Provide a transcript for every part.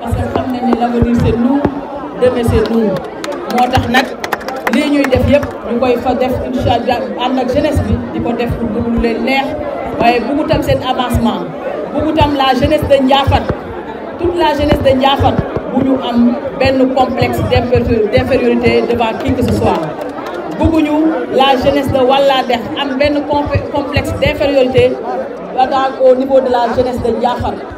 parce que ce qui l'avenir c'est nous demain c'est nous Moi, je suis lii nous def yëpp ñu koy fa def jeunesse bi di def pour bëgg lu avancement bëggu tam la jeunesse de Ndiafat, toute la jeunesse de Ndiafat, nous avons un complexe d'infériorité devant qui que ce soit avons la jeunesse de nous am un complexe d'infériorité au niveau de la jeunesse de Ndiaffate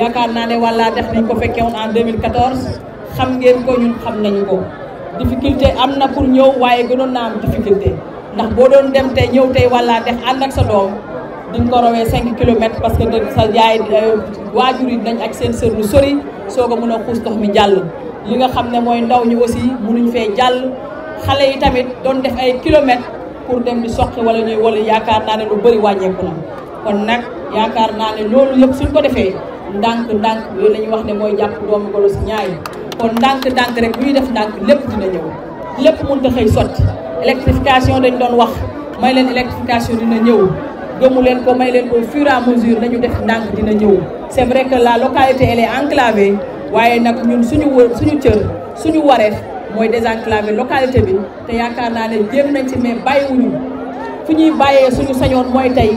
yaakaar naa ne wàllaa def nañ ko fekkee woon en 2014 xam ngeen ko ñun xam nañu ko difficulté am na pour ñëw waaye gënoon naa am difficulté ndax boo doon dem tey ñëw tey wàllaa def ànd ak sa doom diñ ko rawee 5 kilomètres parce que de sa yaay euh, waajur yi nañ ak seen sër sori soo ko mën a xuus ndox jàll li nga xam ne mooy ndaw ñi aussi mu mënuñ fee jàll xale yi tamit doon def ay kilomètres pour dem di soq wala ñuy wala yaakaar naa ne lu bëri wàññeeku na kon nag yaakaar naa ne loolu yëpp suñ ko defee ndànk-ndànk yooyu la ñuy wax ne mooy jàpp doomu golo si ñaay kon ndànk-ndànk rek bu ñu def ndànk lépp dina ñëw lépp mënut a xëy sotti électrification dañ doon wax may leen électrification dina ñëw gëmu leen ko may leen ko fur et à mesure nañu def ndànk dina ñëw c'est vrai que la localité elle est enclavée waaye nag ñun suñu wër suñu cër suñu wareef mooy désenclaver localité bi te yaakaar naa ne jéem nañ ci mais bàyyiwuñu fu ñuy bàyyee suñu sañoon mooy tey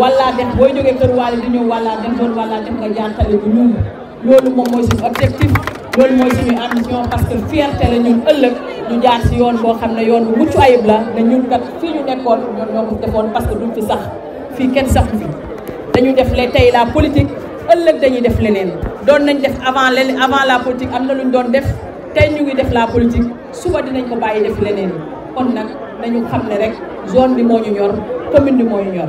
walla dem booy jógee kër waale di ñëw walla dem doon walla dem nga jaar tali bu ñuul loolu moom mooy suñu objectif loolu mooy suñu ambition parce que fierté la ñun ëllëg ñu jaar si yoon boo xam ne yoon bu mucc ayib la ne ñun kat fii ñu nekkoon ñoom ñoo ko defoon parce que duñ fi sax fii kenn sax fi dañu def le tey la politique ëllëg dañuy def leneen doon nañ def avant avant la politique am na lu ñu doon def tey ñu ngi def la politique suba dinañ ko bàyyi def leneen kon nag nañu xam ne rek zone bi moo ñu ñor commune bi moo ñu ñor.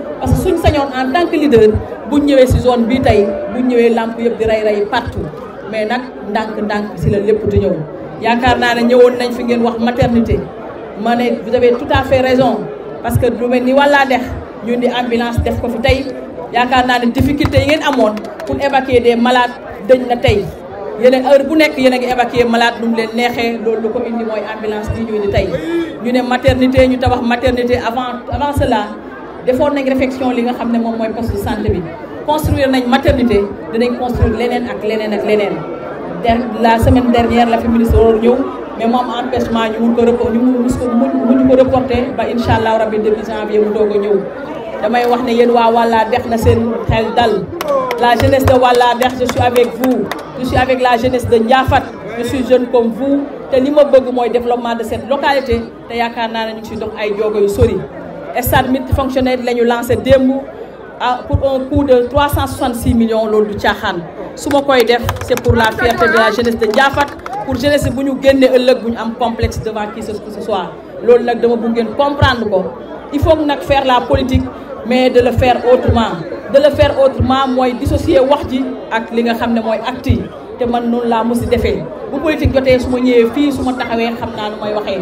parce que suñ sañoon en tant que leader buñ ñëwee si zone bii tey buñ ñëwee lamp yëpp di rey rey partout mais nak ndànk-ndànk si la lépp di ñëw yaakaar naa ne ñëwoon nañ fi ngeen wax maternité ma vous avez tout à fait raison parce que lu mel ni wàllaa dex ñu di ambulance def ko fi tey yaakaar naa difficulté yi ngeen pour évacuer des malades dañ na tey yéen a heure bu nekk yéen a évacuer malade nu mu leen neexee loolu ko indi mooy ambulance di ñu indi tey ñu ne maternité ñu tabax maternité avant avant cela defoon nañ réflexion li nga xam ne moom mooy poste de santé bi construire nañ maternité dinañ construire leneen ak leneen ak leneen la semaine dernière la fi ministre waroon ñëw mais moom empêchement ñu mun ko report ñu mus ko muñu ko reporté ba incha allah rabi début janvier mu doog a ñëw damay wax ne yéen waa Wàlla dex na seen xel dal la jeunesse de Wàlla dex je suis avec vous je suis avec la jeunesse de Ndiafat je suis jeune comme vous te li ma bëgg mooy développement de cette localité te yaakaar naa ne ñu ngi si dox ay joogo yu sori stade fonctionnaire la ñu lancé mots ah, pour un coût de 366 millions loolu du caaxaan su ma koy def pour la fierté de la jeunesse de Ndiaffate pour jeunesse bu ñu génnee ëllëg am complexe devant qui que ce soit loolu nag dama bëgg ngeen comprendre il faut faire la politique mais de le faire autrement de le faire autrement mooy dissocier wax ji ak li nga xam ne mooy acte yi te man noonu laa musi defee bu politique jotee su ma ñëwee fii su ma nu may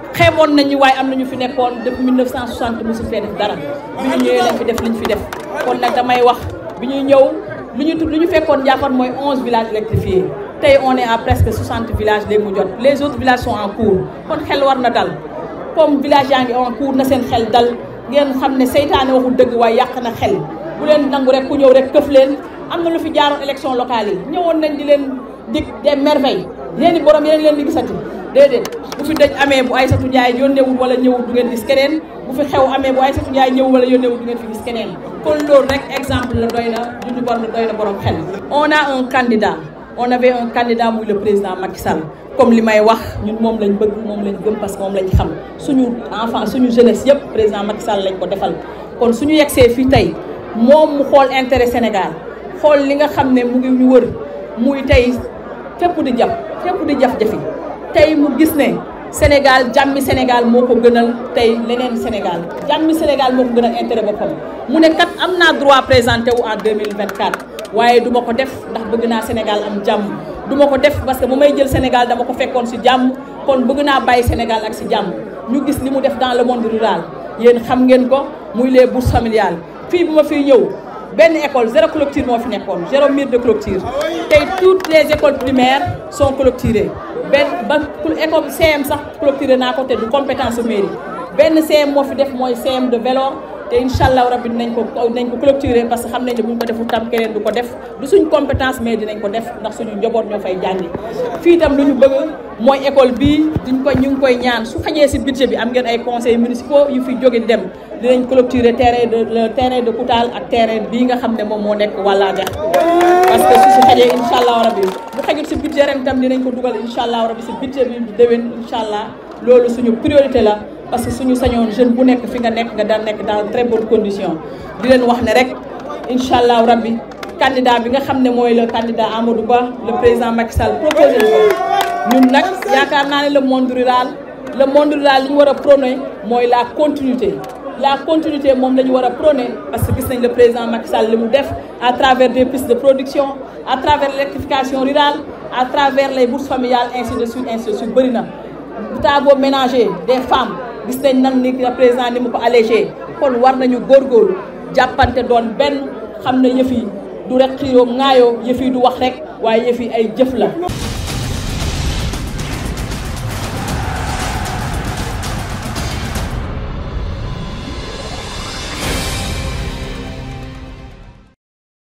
xeeboon nañu way am nañu fi nekkoon depuis 1960 mosu fee def dara bi ñu ñëwee lañ fi def liñ fi def kon nag damay wax bi ñëw liñu ñu lu ñu fekkoon Ndiaffate 11 villages électrifiés tay on est à presque 60 villages léegi mu jot les autres villages sont en cours kon xel war na dal comme village yaangi en cours na seen xel dal ngeen xamné ne waxu dëgg way yàq na xel bu leen nangu rek ku ñëw rek keuf leen am na lu fi jaaroon élection locale yi ñëwoon nañ di leen dig des merveilles yeneen i borom yeneen leen di gisati déedéet bu fi dëj amé bu Aïssatou Ndiaye yónneewul wala ñewul du ngeen gis keneen bu fi xew amé bu Aïssatou Ndiaye ñewul wala yónneewul du ngeen fi gis keneen kon loolu rek exemple la doyna na Doudou Barne doyna borom xel. on a un candidat on avait un candidat muy le président Macky Sall comme li may wax ñun moom lañ bëgg moom lañ gëm parce que moom lañ xam suñu enfant suñu jeunesse yëpp président Macky Sall lañ ko defal kon suñu yegsee fi tey moom mu xool intérêt Sénégal xool li nga xam ne mu ngi ñu wër muy tey fépp di jàpp fépp di jaf-jafi tay mu gis ne Sénégal jàmmi Sénégal moo ko gënal tey leneen Sénégal jàmmi Sénégal moo ko gënal intérêt boppam mu ne kat am droit présenté wu en 2024 waaye du ma ko def ndax bëgg naa Sénégal am jàmm du ko def parce que bu may jël Sénégal dama ko fekkoon si jàmm kon bëgg naa bàyyi Sénégal ak si jàmm ñu gis li mu def dans le monde rural yéen xam ngeen ko muy les bourses familiales fii bu ma fiy ñëw benn école zéro clôture moo fi nekkoon zéro mur de clôture tey toutes les écoles primaires sont clôturées benn ba école CM sax clôturé naa ko te du compétence su mairie benn CM moo fi def mooy CM de vélo te incha allah rabbi nañ ko dinañ ko clôturer parce que xam nañ ne bu ñu ko defu tam keneen du ko def du suñ compétence mais dinañ ko def ndax suñu njaboot ñoo fay jàngi fii tam lu ñu bëgg mooy école bii duñ ko ñu ngi koy ñaan su xajee si budget bi am ngeen ay conseils municipaux yu fi jóge dem. dinañ clôturer terrain de le terrain de Koutal ak terrain bi nga xam ne moom moo nekk Wallaadex parce que su si xajee incha allahu rabi bu xajul si budget ren tam dinañ ko dugal incha allahu rabi si budget bi déwén incha allah loolu suñu priorité la parce que suñu sañoon jeune bu nekk fi nga nekk nga daan nekk dans très bonnes conditions di leen wax ne rek incha allahu rabi candidat bi nga xam ne mooy le candidat Amadou Ba le président Macky Sall proposé ko ñun nag yaakaar naa ne le monde rural le monde rural li ñu war a prôné mooy la continuité la continuité mom la wara parce que gis le président Macky Sall limu def à travers des pistes de production à travers l'électrification rurale à travers les bourses familiales ainsi de suite ainsi de suite bëri na ménager ménager des femmes gis nañ nan ni le président ni mu ko allégé kon war nañu gor jàppante doon benn xam ne yëf yi du rek xiro ŋaayoo yëf yi du wax rek waaye yëf yi ay jëf la